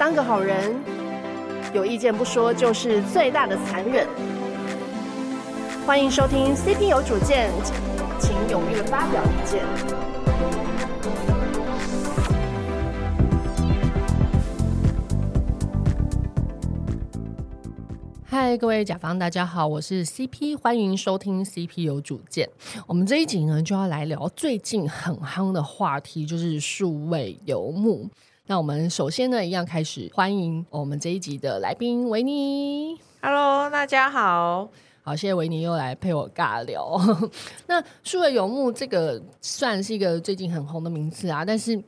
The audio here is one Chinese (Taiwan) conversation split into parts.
當個好人，有意見不說就是最大的殘忍。歡迎收聽 CP 有主見，請踴躍發表意見。嗨，各位甲方，大家好，我是 CP，歡迎收聽 CP 有主見。我們這一集呢，就要來聊最近很夯的話題，就是數位遊牧。那我們首先呢，一樣開始，歡迎我們這一集的來賓維尼。Hello，大家好，好，謝謝維尼又來陪我尬聊。 那數位遊牧這個算是一個最近很紅的名字啊，但是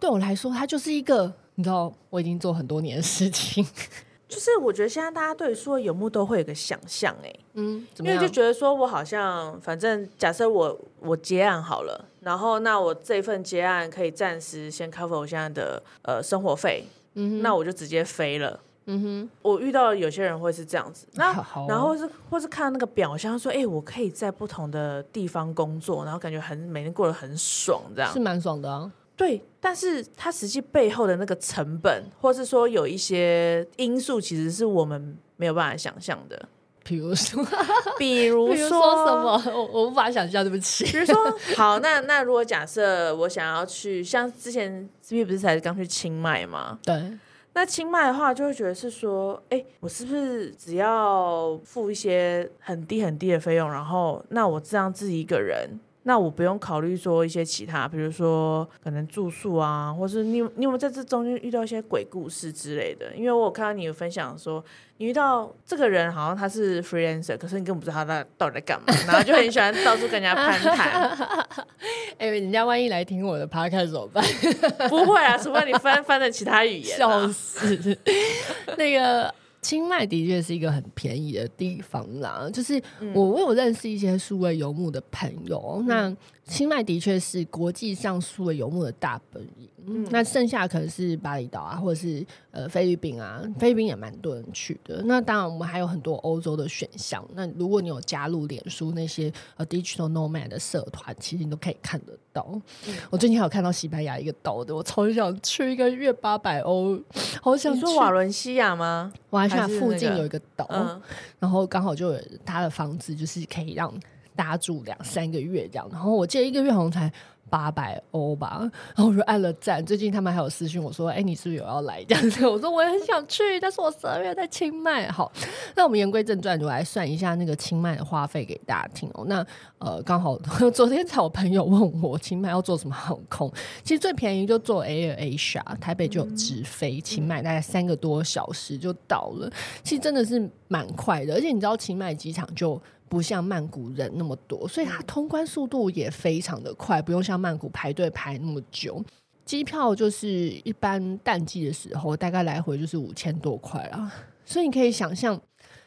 對我來說，它就是一個你知道，我已經做很多年的事情。 就是我覺得現在大家對說游牧都會有一個想象，哎、欸，嗯，怎麼樣？因為就覺得說，我好像反正假設我我接案好了，然後那我這份接案可以暫時先 cover 我現在的呃生活費，嗯、哼那我就直接飛了，嗯哼，我遇到有些人會是這樣子，那好好、哦、然後或是或是看到那個表象說，哎、欸，我可以在不同的地方工作，然後感覺很每天過得很爽，這樣是蠻爽的、啊。對，但是它實際背後的那個成本，或是說有一些因素，其實是我們沒有辦法想象的。比如說， 比如說 比如說什麼？我我無法想象，對不起。比如說，好，那那如果假設我想要去，像之前 CP 不是才剛去清邁嗎？對，那清邁的話，就會覺得是說，哎，我是不是只要付一些很低很低的費用，然後那我這樣自己一個人？那我不用考慮說一些其他，比如說可能住宿啊，或是你你有沒有在這中間遇到一些鬼故事之類的？因為我有看到你有分享說，你遇到這個人好像他是 freelancer，可是你根本不知道他到底在幹嘛， 然後就很喜歡到處跟人家攀談。 哎，人家萬一來聽我的 podcast 怎麼辦？ 不會啊，除非你翻翻了其他語言啊。笑死，那個。清邁的確是一個很便宜的地方啦，就是我我有認識一些數位游牧的朋友，那清邁的確是國際上數位游牧的大本營。嗯，那剩下可能是巴厘島啊，或者是呃菲律賓啊，菲律賓也蠻多人去的。那當然，我們還有很多歐洲的選項。那如果你有加入臉書那些呃 digital nomad 的社團，其實你都可以看得到。嗯、我最近還有看到西班牙一個島的，我超想去，一個月八百歐。好想住瓦倫西亞嗎？瓦倫西亞附近有一個島，那個，然後剛好就有他的房子，就是可以讓大家住兩三個月這樣。然後我記得一個月好像才，八百歐吧，然後我就按了贊。最近他們還有私信我說：“哎、欸，你是不是有要來？”這樣子，我說我也很想去，但是我十二月在清邁。好，那我們言歸正傳，就來算一下那個清邁的花費給大家聽哦。那呃，剛好昨天才有朋友問我清邁要坐什麼航空，其實最便宜就坐 AirAsia，台北就直飛清邁，嗯、大概三個多小時就到了。其實真的是蠻快的，而且你知道清邁機場就。不像曼谷人那麼多，所以它通關速度也非常的快，不用像曼谷排隊排那麼久。機票就是一般淡季的時候，大概來回就是五千多塊啊，所以你可以想象，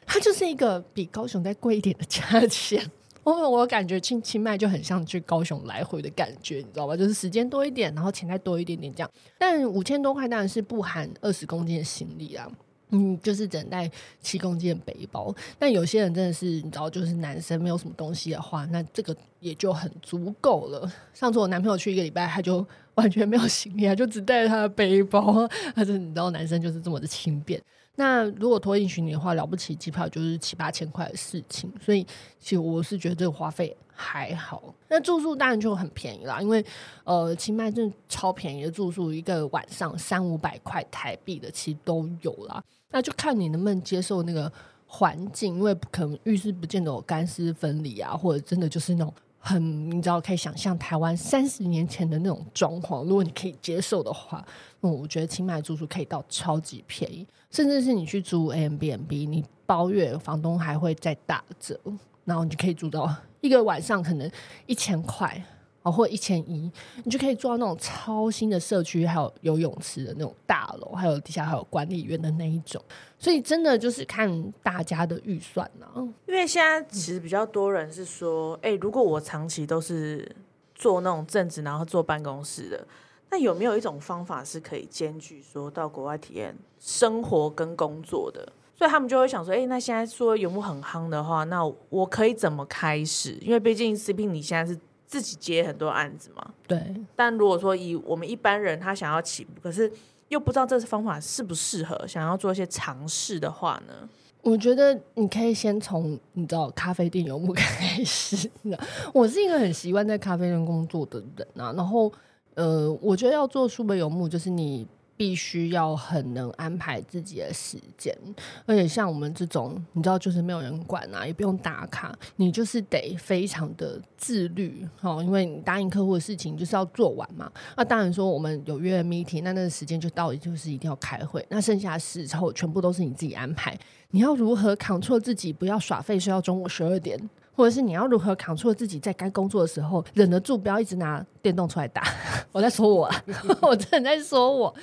它就是一個比高雄再貴一點的價錢。我 我感覺清清邁就很像去高雄來回的感覺，你知道吧？就是時間多一點，然後錢再多一點點這樣。但五千多塊當然是不含二十公斤的行李啊。嗯，就是等待七公斤的背包。但有些人真的是，你知道，就是男生沒有什麼東西的話，那這個也就很足夠了。上次我男朋友去一個禮拜，他就。完全沒有行李啊，就只帶着他的背包。他說你知道，男生就是這麼的輕便。那如果托運行李的話，了不起機票就是七八千塊的事情。所以其實我是覺得這個花費還好。那住宿當然就很便宜啦，因為呃，清邁真的超便宜的住宿，一個晚上三五百塊台幣的其實都有啦。那就看你能不能接受那個環境，因為可能浴室不見得有乾濕分離啊，或者真的就是那種。很，你知道，可以想象台灣三十年前的那種狀況。如果你可以接受的話，那、嗯、我覺得清邁住宿可以到超級便宜，甚至是你去租 Airbnb，你包月房東還會再打折，然後你就可以住到一個晚上可能一千塊。哦，或一千一，你就可以做到那種超新的社區，還有游泳池的那種大樓，還有底下還有管理員的那一種。所以真的就是看大家的預算呢、啊。因為現在其實比較多人是說，哎、欸，如果我長期都是做那種正職，然後坐辦公室的，那有沒有一種方法是可以兼具說到國外體驗生活跟工作的？所以他們就會想說，哎、欸，那現在說遊牧很夯的話，那我可以怎麼開始？因為畢竟 CP，你現在是。自己接很多案子嘛，對。但如果說以我們一般人他想要起步，可是又不知道這是方法適不適合，想要做一些嘗試的話呢？我覺得你可以先從你知道咖啡店游牧開始。我是一個很習慣在咖啡店工作的人啊，然後呃，我覺得要做書本游牧，就是你。必須要很能安排自己的時間，而且像我們這種，你知道，就是沒有人管啊，也不用打卡，你就是得非常的自律，哦，因為你答應客戶的事情就是要做完嘛。那、啊、當然說我們有約的 meeting，那那個時間就到底就是一定要開會。那剩下的事之後全部都是你自己安排。你要如何 control 自己，不要耍廢，睡到中午十二點，或者是你要如何 control 自己，在該工作的時候忍得住，不要一直拿電動出來打。 我在說我、啊， 我真的在說我。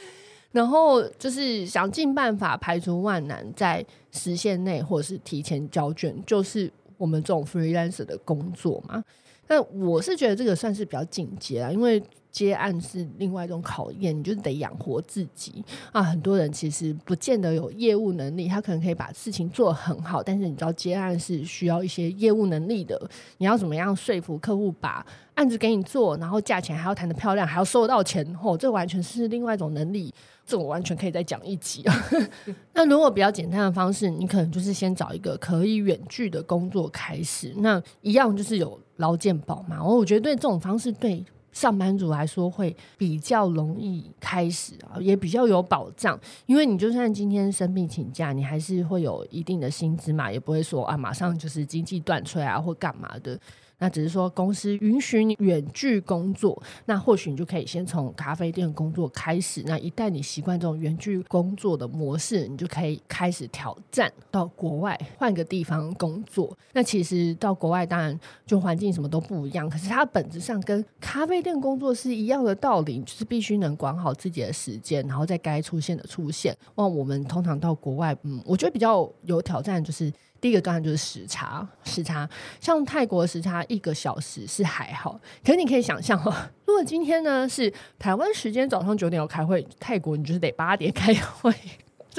然後就是想盡辦法排除萬難，在時限內或者是提前交卷，就是我們這種 freelancer 的工作嘛。那我是覺得這個算是比較緊急啦，因為。接案是另外一種考驗，你就是得養活自己啊！很多人其實不見得有業務能力，他可能可以把事情做得很好，但是你知道接案是需要一些業務能力的。你要怎麼樣說服客戶把案子給你做，然後價錢還要談得漂亮，還要收到錢後，這完全是另外一種能力。這我完全可以再講一集啊。 那如果比較簡單的方式，你可能就是先找一個可以遠距的工作開始，那一樣就是有勞健保嘛。我我覺得這種方式對。上班族來說會比較容易開始啊，也比較有保障，因為你就算今天生病請假，你還是會有一定的薪資嘛，也不會說啊馬上就是經濟斷炊啊或幹嘛的。那只是說公司允許你遠距工作，那或許你就可以先從咖啡店工作開始。那一旦你習慣這種遠距工作的模式，你就可以開始挑戰到國外，換個地方工作。那其實到國外當然就環境什麼都不一樣，可是它本質上跟咖啡店工作是一樣的道理，就是必須能管好自己的時間，然後在該出現的出現。哇，我們通常到國外，嗯，我覺得比較有挑戰就是。第一個段就是時差，時差像泰國時差一個小時是還好，可是你可以想象哦，如果今天呢是台灣時間早上九點要開會，泰國你就是得八點開會。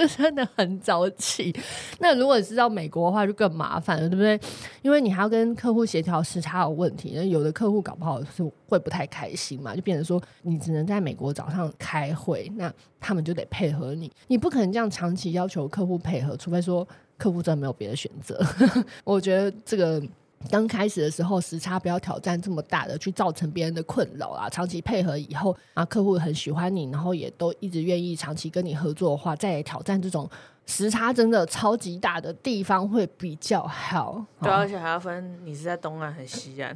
真的很早起，那如果是到美國的話，就更麻煩了，對不對？因為你還要跟客戶協調時差的問題，那有的客戶搞不好是會不太開心嘛，就變成說你只能在美國早上開會，那他們就得配合你，你不可能這樣長期要求客戶配合，除非說客戶真的沒有別的選擇。 我覺得這個。剛開始的時候，時差不要挑戰這麼大的，去造成別人的困擾啦。長期配合以後，啊，客戶很喜歡你，然後也都一直願意長期跟你合作的話，再來挑戰這種時差真的超級大的地方會比較好。對，哦，而且還要分你是在東岸和西岸，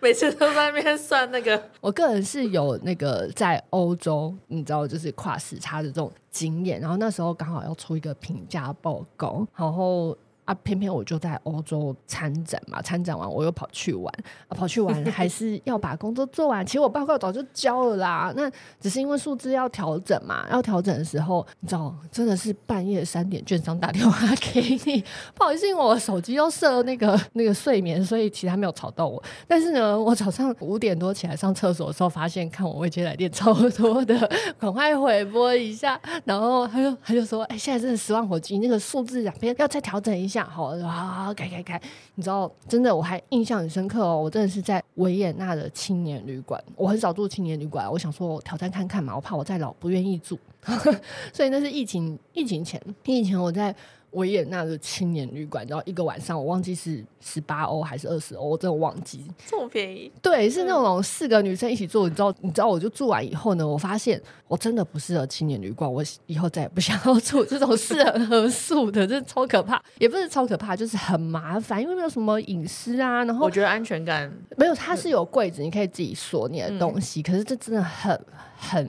每次都在外面算那個。我個人是有那個在歐洲，你知道，就是跨時差的這種經驗。然後那時候剛好要出一個評價報告，然後。啊，偏偏我就在歐洲參展嘛，參展完我又跑去玩，啊、跑去玩，還是要把工作做完。 其實我報告早就交了啦，那只是因為數字要調整嘛，要調整的時候，你知道真的是半夜三點，券商打電話給你，不好意思，因為我手機又設了那個那個睡眠，所以其他沒有吵到我。但是呢，我早上五點多起來上廁所的時候，發現看我未接來電超多的，趕快回撥一下。然後他就他就說，哎，現在真的十萬火急，那個數字兩邊要再調整一下。好，好好改改改，你知道，真的，我還印象很深刻哦。我真的是在維也納的青年旅館，我很少住青年旅館，我想說挑戰看看嘛，我怕我再老不願意住， 所以那是疫情疫情前，疫情前我在。維也納的青年旅館，然後一個晚上我忘記是十八歐還是二十歐，我真的忘記。這麼便宜。對，是那種四個女生一起住，嗯、你知道？你知道？我就住完以後呢，我發現我真的不適合青年旅館，我以後再也不想要住這種四人合宿的， 這超可怕，也不是超可怕，就是很麻煩，因為沒有什麼隱私啊。然後我覺得安全感沒有，它是有櫃子，你可以自己鎖你的東西，嗯、可是這真的很。很，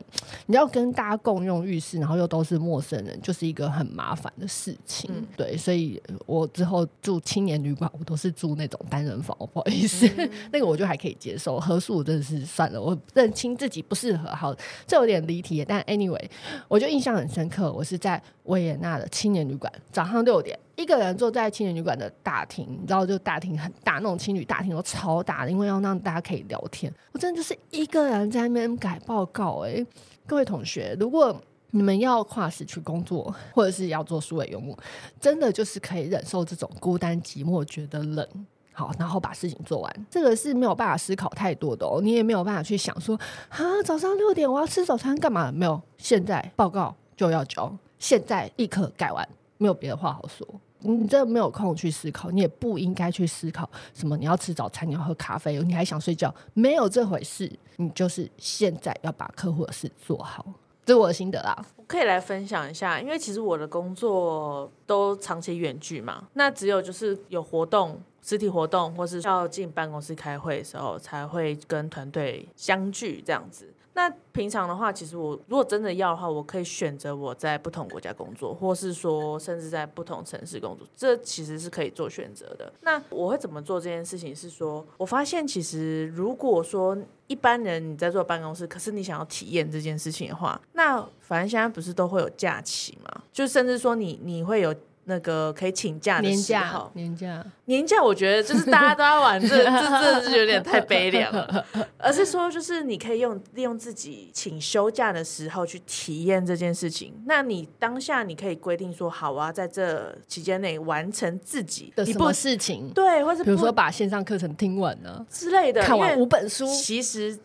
你要跟大家共用浴室，然後又都是陌生人，就是一個很麻煩的事情。嗯、對，所以我之後住青年旅館，我都是住那種單人房。哦，不好意思，嗯嗯 那個我就還可以接受合宿，真的是算了，我認清自己不適合。好，這有點離題，但 anyway，我就印象很深刻，我是在維也納的青年旅館，早上六點。一個人坐在青年旅館的大廳，你知道就大廳很大，那種青旅大廳都超大的，因為要讓大家可以聊天。我真的就是一個人在那邊改報告。哎，各位同學，如果你們要跨時區工作，或者是要做數位游牧，真的就是可以忍受這種孤單寂寞，覺得冷，好，然後把事情做完。這個是沒有辦法思考太多的哦，你也沒有辦法去想說啊，早上六點我要吃早餐幹嘛？沒有，現在報告就要交，現在立刻改完，沒有別的話好說。你真的沒有空去思考，你也不應該去思考什麼。你要吃早餐，你要喝咖啡，你還想睡覺？沒有這回事。你就是現在要把客戶的事做好，這是我的心得啦。我可以來分享一下，因為其實我的工作都長期遠距嘛，那只有就是有活動、實體活動，或是需要進辦公室開會的時候，才會跟團隊相聚這樣子。那平常的話，其實我如果真的要的話，我可以選擇我在不同國家工作，或是說甚至在不同城市工作，這其實是可以做選擇的。那我會怎麼做這件事情？是說我發現其實如果說一般人你在坐辦公室，可是你想要體驗這件事情的話，那反正現在不是都會有假期嘛？就甚至說你你會有。那個可以請假、年假，年假，年假我覺得就是大家都要玩這 這、這這這有點太悲涼了。 而是說，就是你可以用利用自己請休假的時候去體驗這件事情。那你當下你可以規定說，好啊，我要在這期間內完成自己的什麼事情，對，或者比如說把線上課程聽完呢之類的，看完五本書。其實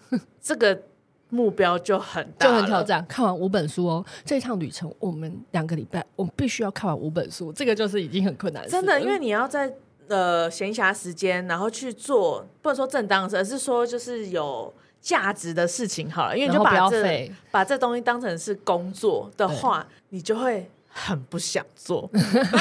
這個。 目標就很大，就很挑戰。看完五本書哦，這一趟旅程我們兩個禮拜，我們必須要看完五本書。這個就是已經很困難，真的，因為你要在呃閒暇時間，然後去做，不能說正當的事，而是說就是有價值的事情好了，因為你就把這不要把這東西當成是工作的話，對你就會很不想做。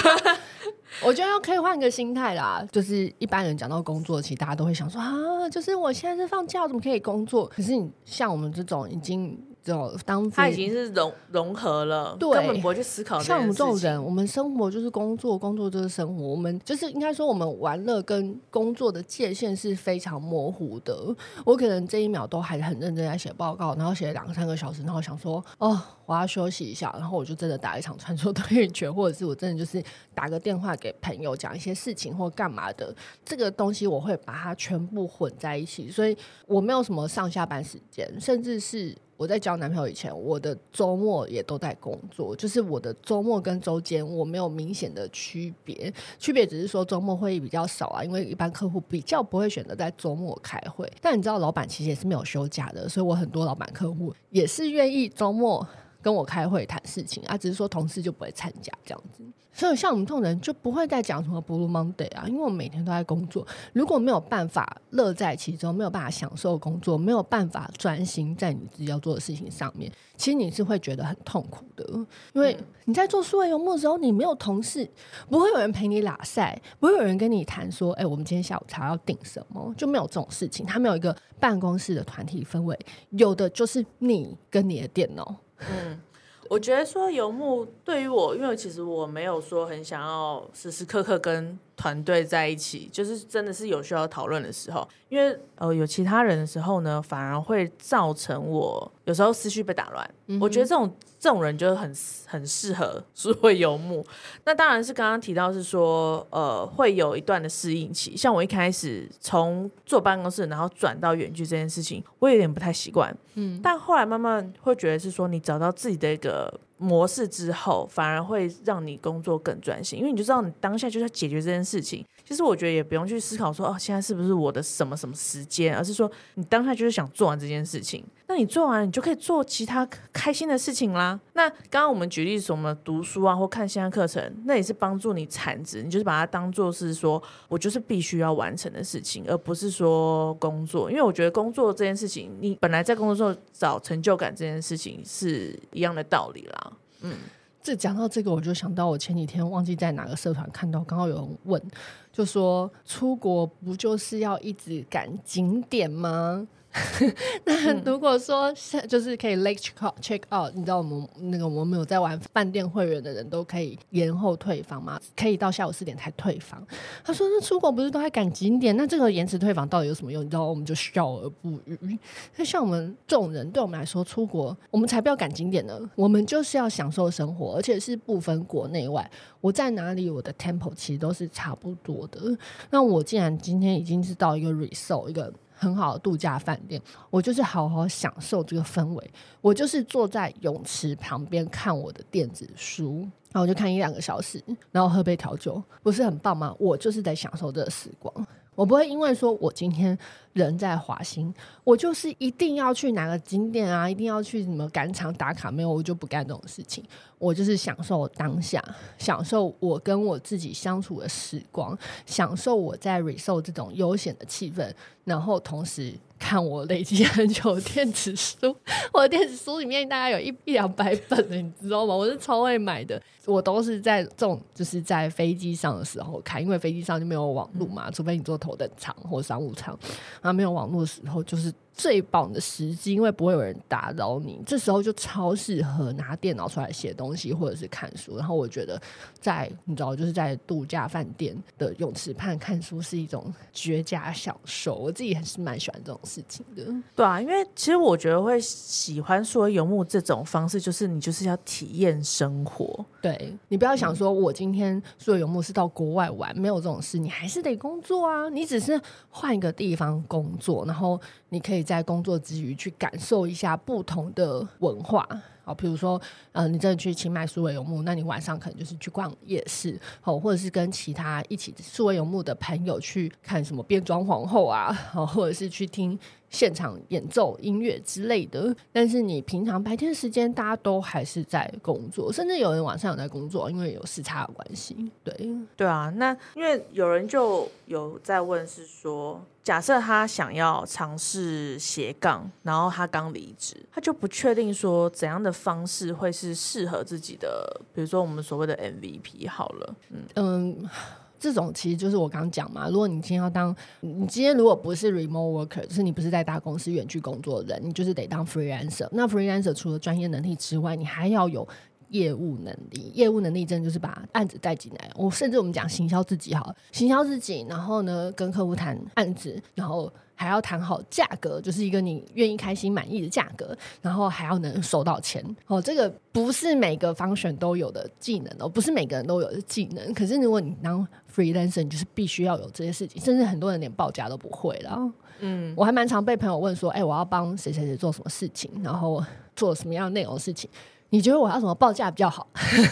我覺得可以換個心態啦，就是一般人講到工作，其實大家都會想說啊，就是我現在是放假，怎麼可以工作？可是你像我們這種已經。就當它已經是融融合了。對根本不會去思考，像我們這種人，我們生活就是工作，工作就是生活。我們就是應該說，我們玩樂跟工作的界限是非常模糊的。我可能這一秒都還是很認真在寫報告，然後寫了兩三個小時，然後想說哦，我要休息一下，然後我就真的打一場傳說對決，或者是我真的就是打個電話給朋友講一些事情或幹嘛的。這個東西我會把它全部混在一起，所以我沒有什麼上下班時間，甚至是。我在交男朋友以前，我的週末也都在工作，就是我的週末跟週間我沒有明顯的區別，區別只是說週末會議比較少啊，因為一般客戶比較不會選擇在週末開會。但你知道，老闆其實也是沒有休假的，所以我很多老闆客戶也是願意週末。跟我開會談事情啊，只是說同事就不會參加這樣子。所以像我們這種人就不會再講什麼 Blue Monday 啊，因為我們每天都在工作。如果沒有辦法樂在其中，沒有辦法享受工作，沒有辦法專心在你自己要做的事情上面，其實你是會覺得很痛苦的。因為你在做數位游牧的時候，你沒有同事，不會有人陪你拉賽，不會有人跟你談說，哎、欸，我們今天下午茶要訂什麼，就沒有這種事情。他沒有一個辦公室的團體氛圍，有的就是你跟你的電腦。 嗯，我覺得說游牧對於我，因為其實我沒有說很想要時時刻刻跟團隊在一起，就是真的是有需要討論的時候，因為呃有其他人的時候呢，反而會造成我有時候思緒被打亂。嗯、哼我覺得這種這種人就很很適合數位遊牧。那當然是剛剛提到是說，呃，會有一段的適應期。像我一開始從坐辦公室，然後轉到遠距這件事情，我有點不太習慣。嗯，但後來慢慢會覺得是說，你找到自己的一個。模式之後，反而會讓你工作更專心，因為你就知道你當下就是要解決這件事情。其實我覺得也不用去思考說哦，現在是不是我的什麼什麼時間，而是說你當下就是想做完這件事情，那你做完了，你就可以做其他開心的事情啦。那剛剛我們舉例什麼讀書啊，或看線上課程，那也是幫助你產值，你就是把它當做是說，我就是必須要完成的事情，而不是說工作。因為我覺得工作這件事情，你本來在工作時候找成就感這件事情是一樣的道理啦。嗯。這講到這個，我就想到我前幾天忘記在哪個社團看到，剛剛有人問，就說出國不就是要一直趕景點嗎？ 那如果說就是可以 late check check out，、嗯、你知道我們那個我們沒有在玩飯店會員的人都可以延後退房嗎？可以到下午四點才退房。他說：“那出國不是都還趕景點？那這個延遲退房到底有什麼用？”你知道我們就笑而不語。那像我們這種人，對我們來說出國，我們才不要趕景點呢。我們就是要享受生活，而且是不分國內外。我在哪裡，我的 tempo 其實都是差不多的。那我既然今天已經是到一個 resort 一個。很好的度假飯店，我就是好好享受這個氛圍。我就是坐在泳池旁邊看我的電子書，然後我就看一兩個小時，然後喝杯調酒，不是很棒嗎？我就是在享受這個時光。我不會因為說我今天人在華欣，我就是一定要去哪個景點啊，一定要去什麼趕場打卡，沒有，我就不幹這種事情。我就是享受當下，享受我跟我自己相處的時光，享受我在 resort 這種悠閒的氣氛，然後同時。看我累積很久的電子書， 我的電子書裡面大概有一一兩百本了，你知道嗎？我是超愛買的，我都是在這種就是在飛機上的時候看，因為飛機上就沒有網絡嘛，嗯、除非你坐頭等艙或商務艙，然後沒有網絡的時候就是。最棒的時機，因為不會有人打擾你，這時候就超適合拿電腦出來寫東西，或者是看書。然後我覺得在，在你知道就是在度假飯店的泳池畔看書是一種絕佳享受，我自己還是蠻喜歡這種事情的。對啊，因為其實我覺得會喜歡數位游牧這種方式，就是你就是要體驗生活。對，你不要想說我今天數位游牧是到國外玩，沒有這種事，你還是得工作啊，你只是換一個地方工作，然後你可以。在工作之餘，去感受一下不同的文化啊，比如說，嗯、呃，你真的去清邁數位遊牧，那你晚上可能就是去逛夜市，哦，或者是跟其他一起數位遊牧的朋友去看什麼變裝皇後啊，好、哦，或者是去聽。現場演奏音樂之類的，但是你平常白天時間大家都還是在工作，甚至有人晚上有在工作，因為有時差的關係。對，對啊。那因為有人就有在問，是說假設他想要嘗試斜槓，然後他剛離職，他就不確定說怎樣的方式會是適合自己的，比如說我們所謂的 MVP 好了，嗯。嗯。這種其實就是我剛剛講嘛，如果你今天要當，你今天如果不是 remote worker，就是你不是在大公司遠距工作的人，你就是得當 freelancer、er。那 freelancer、er、除了專業能力之外，你還要有業務能力。業務能力真就是把案子帶進來。我、哦、甚至我們講行銷自己好了，行銷自己，然後呢，跟客戶談案子，然後。還要談好價格，就是一個你願意、開心、滿意的價格，然後還要能收到錢。哦，這個不是每個 function 都有的技能哦，不是每個人都有的技能。可是如果你當 freelancer，你就是必須要有這些事情，甚至很多人連報價都不會了。嗯，我還蠻常被朋友問說，哎、欸，我要幫誰誰誰做什麼事情，然後做什麼樣的內容事情。你覺得我要什麼報價比較好？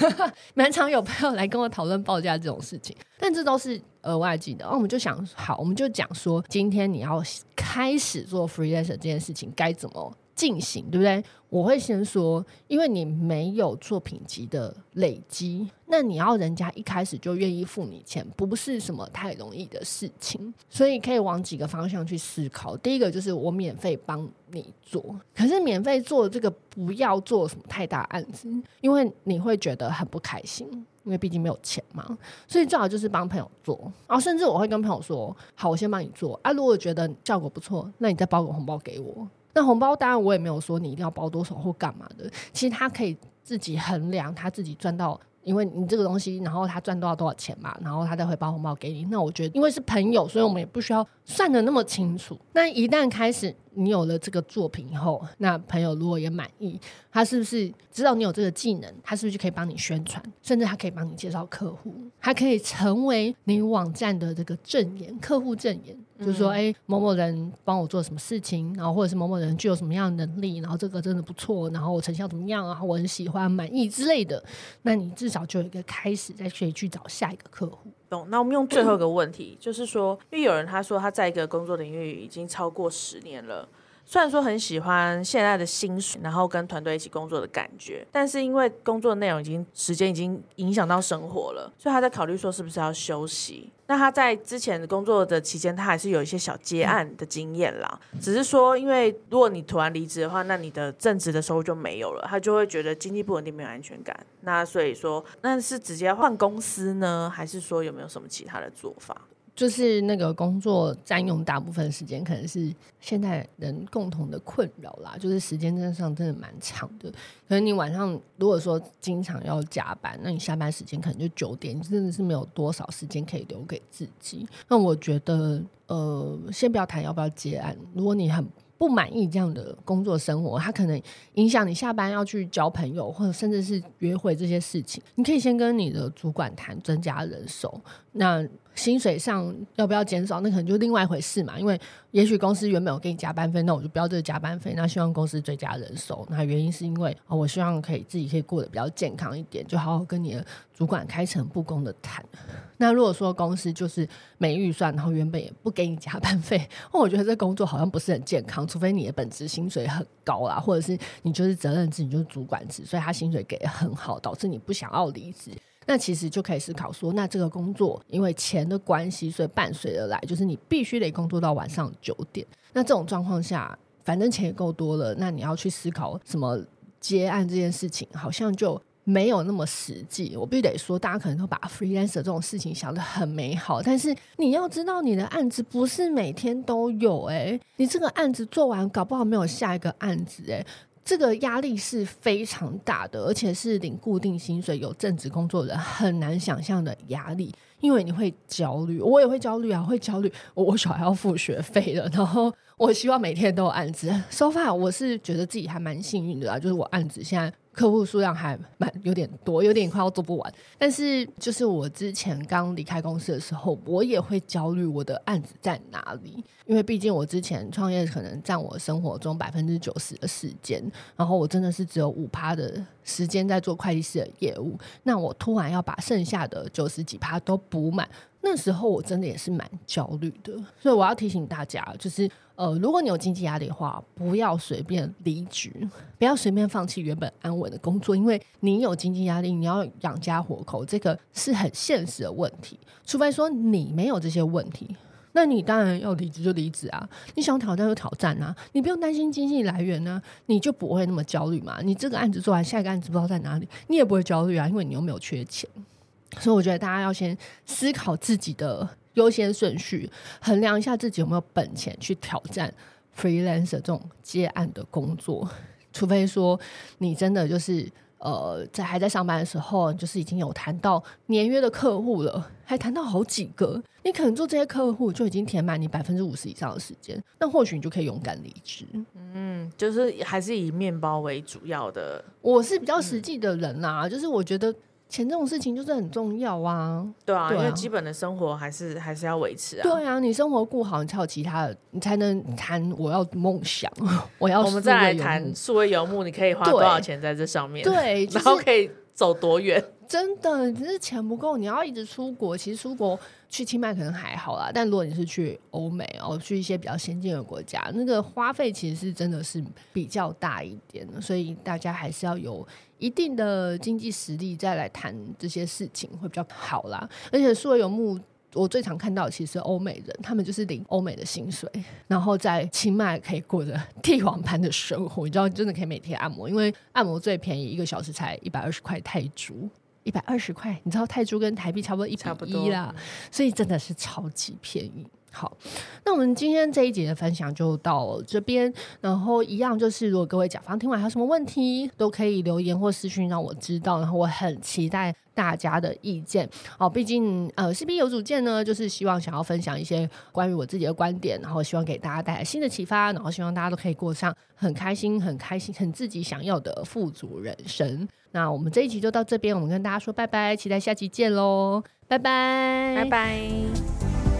蠻常有朋友來跟我討論報價這種事情，但這都是額外計的。那我們就想好，我們就講說，今天你要開始做 freelancer 這件事情，該怎麼？進行對不對？我會先說，因為你沒有作品集的累積，那你要人家一開始就願意付你錢，不是什麼太容易的事情。所以可以往幾個方向去思考。第一個就是我免費幫你做，可是免費做這個不要做什麼太大案子，因為你會覺得很不開心，因為畢竟沒有錢嘛。所以最好就是幫朋友做，然後甚至我會跟朋友說：“好，我先幫你做啊，如果覺得效果不錯，那你再包個紅包給我。”那紅包當然我也沒有說你一定要包多少或幹嘛的，其實他可以自己衡量他自己賺到，因為你這個東西，然後他賺多少多少錢嘛，然後他再會包紅包給你。那我覺得因為是朋友，所以我們也不需要算得那麼清楚。那一旦開始你有了這個作品以後，那朋友如果也滿意，他是不是知道你有這個技能？他是不是就可以幫你宣傳？甚至他可以幫你介紹客戶，他可以成為你網站的這個證言，客戶證言。嗯、就是說哎、欸，某某人幫我做什麼事情，然後或者是某某人具有什麼樣的能力，然後這個真的不錯，然後我成效怎麼樣啊？我很喜歡、滿意之類的，那你至少就有一個開始，再去去找下一個客戶。懂？那我們用最後一個問題，就是說，因為有人他說他在一個工作領域已經超過十年了。雖然說很喜歡現在的薪水，然後跟團隊一起工作的感覺，但是因為工作內容已經時間已經影響到生活了，所以他在考慮說是不是要休息。那他在之前工作的期間，他還是有一些小接案的經驗啦。只是說，因為如果你突然離職的話，那你的正職的收入就沒有了，他就會覺得經濟不穩定，沒有安全感。那所以說，那是直接換公司呢，還是說有沒有什麼其他的做法？就是那個工作占用大部分時間，可能是現在人共同的困擾啦。就是時間真的上真的蠻長的。可能你晚上如果說經常要加班，那你下班時間可能就九點，你真的是沒有多少時間可以留給自己。那我覺得，呃，先不要談要不要接案。如果你很不滿意這樣的工作生活，它可能影響你下班要去交朋友或者甚至是約會這些事情。你可以先跟你的主管談，增加人手。那薪水上要不要減少？那可能就另外一回事嘛。因為也許公司原本有給你加班費，那我就不要這個加班費，那希望公司追加人手。那原因是因為哦，我希望可以自己可以過得比較健康一點，就好好跟你的主管開誠佈公的談。那如果說公司就是沒預算，然後原本也不給你加班費，那我覺得這工作好像不是很健康。除非你的本職薪水很高啦，或者是你就是責任制，你就是主管職，所以他薪水給得很好，導致你不想要離職。那其實就可以思考說，那這個工作因為錢的關係，所以伴隨而來就是你必須得工作到晚上九點。那這種狀況下，反正錢也夠多了，那你要去思考什麼接案這件事情，好像就沒有那麼實際。我必須得說，大家可能都把 freelancer 這種事情想得很美好，但是你要知道，你的案子不是每天都有欸，你這個案子做完，搞不好沒有下一個案子欸。這個壓力是非常大的，而且是領固定薪水、有正職工作的很難想象的壓力。因為你會焦慮，我也會焦慮啊，會焦慮我。我小孩要付學費了，然後我希望每天都有案子。So far，我是覺得自己還蠻幸運的啊，就是我案子現在客戶數量還蠻有點多，有點快要做不完。但是就是我之前剛離開公司的時候，我也會焦慮我的案子在哪裡，因為畢竟我之前創業可能占我生活中百分之九十的時間，然後我真的是只有五趴的。時間在做會計師的業務，那我突然要把剩下的九十幾趴都補滿，那時候我真的也是蠻焦慮的。所以我要提醒大家，就是呃，如果你有經濟壓力的話，不要隨便離職，不要隨便放棄原本安穩的工作，因為你有經濟壓力，你要養家活口，這個是很現實的問題。除非說你沒有這些問題。那你當然要離職就離職啊，你想挑戰就挑戰啊，你不用擔心經濟來源呢，啊，你就不會那麼焦慮嘛。你這個案子做完，下一個案子不知道在哪裡，你也不會焦慮啊，因為你又沒有缺錢。所以我覺得大家要先思考自己的優先順序，衡量一下自己有沒有本錢去挑戰 freelancer 這種接案的工作，除非說你真的就是。呃，在還在上班的時候，就是已經有談到年約的客戶了，還談到好幾個。你可能做這些客戶就已經填滿你百分之五十以上的時間，那或許你就可以勇敢離職。嗯，就是還是以面包為主要的。我是比較實際的人啊，嗯，就是我覺得。錢這種事情就是很重要啊，對啊，對啊，因為基本的生活還是還是要維持啊。對啊，你生活過好，你才有其他的，你才能談我要夢想。我要我們再來談數位遊牧，你可以花多少錢在這上面？對，然後可以走多遠？就是，真的，只是錢不夠，你要一直出國。其實出國。去清邁可能還好啦，但如果你是去歐美哦，去一些比較先進的國家，那個花費其實是真的是比較大一點。所以大家還是要有一定的經濟實力再來談這些事情會比較好啦。而且數位游牧，我最常看到其實歐美人，他們就是領歐美的薪水，然後在清邁可以過着帝王般的生活，你知道你真的可以每天按摩，因為按摩最便宜，一個小時才一百二十塊泰銖。一百二十塊，你知道泰銖跟台幣差不多一比一啦，所以真的是超級便宜。好，那我們今天這一集的分享就到這邊。然後一樣就是，如果各位甲方聽完還有什麼問題，都可以留言或私訊讓我知道。然後我很期待大家的意見。好，畢竟呃，視頻有主見呢，就是希望想要分享一些關於我自己的觀點，然後希望給大家帶來新的啟發，然後希望大家都可以過上很開心、很開心、很自己想要的富足人生。那我們這一集就到這邊，我們跟大家說拜拜，期待下期見嘍，拜拜，拜拜。